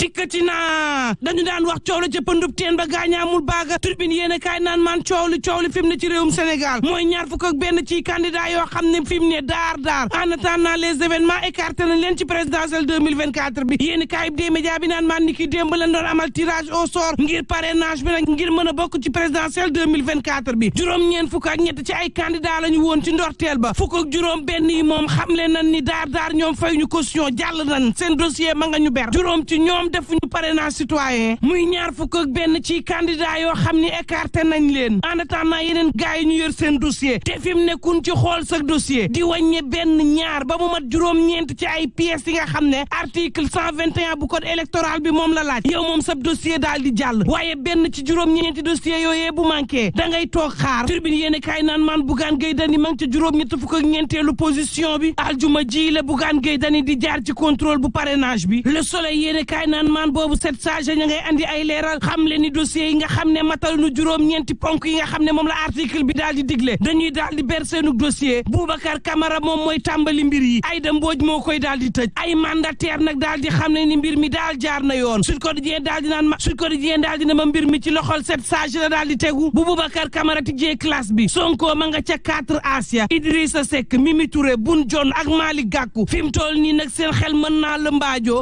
dikkati naa dañu daan wax coow la ca pëndub teen ba gaañaamul baaga turbine yéen a kaay naan maan coow li coow li fi ne ci réewum Sénégal mooy ñaar fukk ak benn ci candidat yoo xam ne fi ne daar daar en attendant les événements écarté nañ leen ci présidentielle 2024 bi yéen a kaay des médias bi naan maan ni ki démb lañ doon amal tirage au sort ngir parrainage bi nag ngir mën a bokk ci présidentielle 2024 bi juróom-ñeent fukk juróom benn yi ñoom defuñu parrainage citoyen muy ñaar fukk ak benn ci candidat yoo xam ni écarté nañ leen en attendant yeneen gars yi ñu yor seen dossier te fi mu nekkuñ ci xool sa dossier di wàññe benn ñaar ba mu mat juróom-ñeent ci ay pièces yi nga xam ne article 121 bu code électoral bi moom la laaj yow moom sab dossier daal di jàll waaye benn ci juróom-ñeenti dossier yooyee bu manqué da ngay toog xaar turbine yéen kaay naan maan bugaan gay dani ma ngi ci juróom-ñett fukk ak ñeenteelu position bi aljuma ji la bugaan gay dani di jaar ci contrôle bu parrainage bi le soleil yéen kaay naan maan boobu sept sage ña ngay andi ay leeral xam ni dossiers yi nga xam ne matal nu juróom-ñeenti ponk yi nga xam ne moom la article bi daal di digle dañuy daal di ber seenu dossier Boubacar Camara moom mbir yi Aïda Mbodj moo koy daal di tëj ay mandataire nag daal di xam ni mbir mi daal jaar na yoon Sud Quotidien daal na ma mbir mi ci loxol sept sage la daal tegu bu Boubacar Camara tijjee classe bi Sonko ma nga ca quatre Asia Idrissa Seck Mimi Touré Boun Dionne ak Malick Gakou fi mu toll nii nag seen xel mën naa la mbaajoo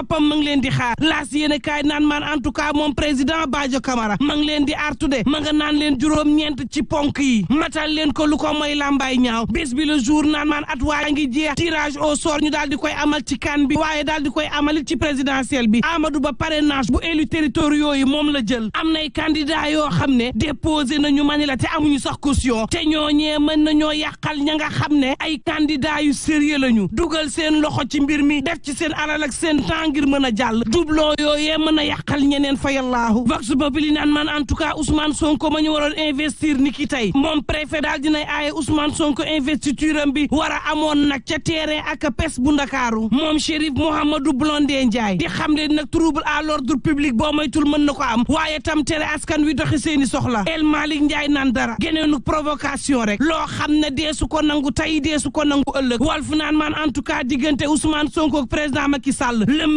boppam ma ngi leen di xaar laas yéen a kaay naan maan en tout cas moom président Badio Camara ma leen di artude ma nga naan leen juróom-ñeent ci ponk yi matal leen ko lu ko mooy làmbaay ñaaw bés bi le jour naan maan at waa ngi jeex tirage au sort ñu daal di koy amal ci kan bi waaye daal di koy amal ci présidentielle bi Amadou Ba parrainage bu élu territoriaux yi moom la jël am nay candidat yoo xam ne déposé nañu mani la te amuñu sax caution te ñooñee mën nañoo yàqal ña nga xam ne ay candidat yu sérieux lañu dugal seen loxo ci mbir mi def ci seen alal ak seen temps ngir mën a jàll jubloo yooyee mën a yàqal ñeneen fayallaahu vox populi naan man en tout cas Ousmane Sonko ma investir ni moom préfet daal dinay aaye Ousmane Sonko investiture am bi a amoon nag ca terrain ak pes bu ndakaaru moom Chérif Mouhamadou Blondin Ndiaye di xam ne nag trouble à l'ordre public boo maytul mën na ko am waaye tam tere askan wi doxi seeni soxla El Malick Ndiaye naan dara geneenu provocation rek loo xam ne deesu ko nangu tey deesu ko nangu ëllëg Walf naan man en tout cas diggante Ousmane Sonko ak président Macky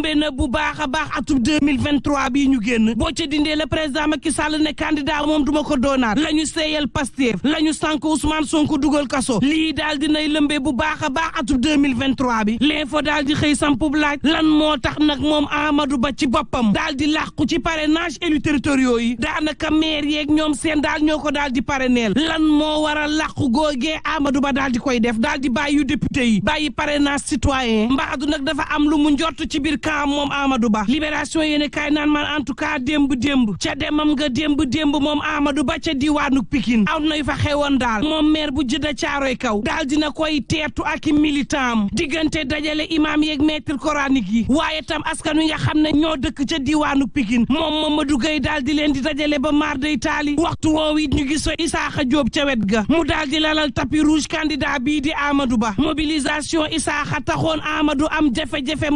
lëmbee nag bu baax a baax atub 2023 bii ñu génn boo ca dindee la président Macky Sall ne candidat moom duma ko doonaat la ñu seeyal Pastef la ñu sànk Ousmane Sonko dugal kaso lii daal nay lëmbee bu baax a baax atub 2023 bi l'info daal di xëy sampub laaj lan moo tax nag moom Amadou Ba ci boppam daal di làqu ci parrainage élus territoriaux yi daanaka maire yeeg ñoom seen daal ñoo ko daal di parrainel lan moo waral làqu googee amadu Ba daal di koy def daal di bàyyi député yi bàyyi parrainage citoyen mbaadu nag dafa am lu mu njort ci biir am moom Amadou Ba libération yéene kaay naan man en tout cas démb démb ca demam nga démb démb moom Amadou Ba ca diwaanu Pikine aw nay fa xewoon daal moom maire bu jëda caaroy kaw daal dina koy teertu ak i militant am diggante dajale imaam yeeg maître coranique yi waaye tam askan wi nga xam ne ñoo dëkk ca diwaanu Pikine moom Mamadou Gueye daal di leen di dajale ba maar day taali waxtu woowu it ñu gis Isaaxa Diop ca ga mu daal di lalal tapis rouge candidat bii di Amadou Ba mobilisation Isaaxa taxoon Amadou am jafe-jafe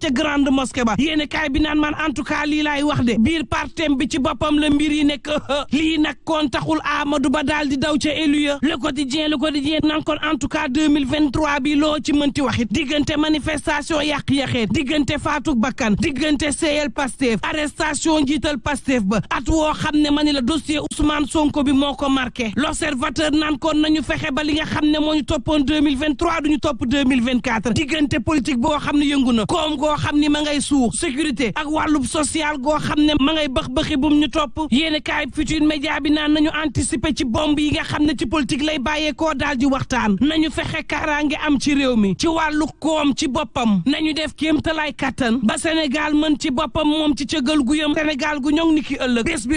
ce ca grande mosquée ba yéene kaay bi naan man en tout cas lii laay wax de biir partem bi ci boppam la mbir yi nekk lii nag kon taxul Amadou Ba daal di daw ca élu ya le quotidien le quotidien nan kon en tout cas 2023 bi loo ci mënti waxit diggante manifestation yàq-yaxeet diggante faatuk bakkan diggante seeyal Pastef arrestation njiital Pastef ba at woo xam ne ma ni la dossier Ousmane Sonko bi moo ko marqué l'observateur nan kon nañu fexe ba li nga xam ne moo ñu toppoon 2023 du ñu topp 2024 diggante politique boo xam ne yëngu na koom goo ni ma ngay suux sécurité ak wàllub social goo xam ne ma ngay bëx bëxi bum ñu topp yéen kaay futur média bi naan nañu anticiper ci bomb yi nga xam ne ci politique lay bàyyeekoo daal di waxtaan nañu fexe kaaraange am ci réew mi ci wàllu koom ci boppam na nañu def kéemtalaay kattan ba Sénégal mën ci boppam moom ci cëgal gu yëm Sénégal gu ñoŋ ni ki ëllëg bés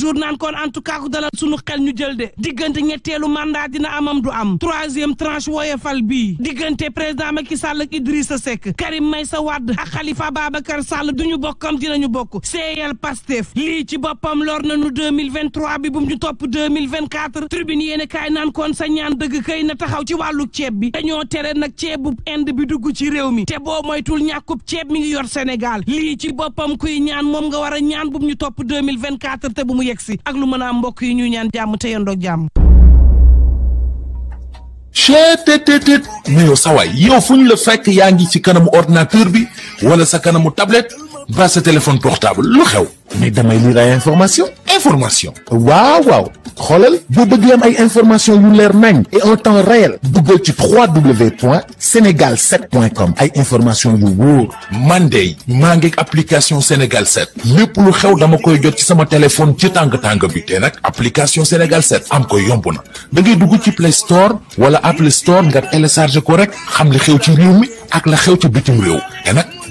jour naan kon en tout cas ku dalal sunu xel ñu jël de diggante ñetteelu mandat dina amam du am troisième tranche fal bi diggante président ki Sall ak Idrissa Seck Karim a Wade ak Khalifa Babacar Sall duñu bokkam ñu bokk seeyal Pastef lii ci boppam lor nañu 2023 bi bu ñu topp 2024 tribune yéen kaay naan kon sa ñaan dëgg kay na taxaw ci wàllu ceeb bi dañoo tere nag ceebu Inde bi dugg ci réew mi te boo moytul ñàkkub ceeb mi ngi yor Sénégal lii ci boppam kuy ñaan moom nga war a ñaan bu ñu topp 2024 te bu mu yegg si ak lu mën a mbokk yi ñuy ñaan jàmm te yendoog jàmm chetttt mais yow sawaay yow fu ñu la fekk yaa ngi ci kanamu ordinateur bi wala sa kanamu tablette mbaa sa téléphone portable lu xew mais damay lire ay information information waaw waaw xoolal boo bëgg am ay information yu leer nañ et en temps réel duggal ci 3w point sénégal 7 point com ay information yu wóor man maa ngi application sénégal 7 lépp lu xew dama koy jot ci sama téléphone ci tàng tàng bi te nag application sénégal 7 am ko yomb na da ngay dugg ci play store wala apple store nga télécharge ko rek xam li xew ci réew mi ak la xew ci bitim réew te nag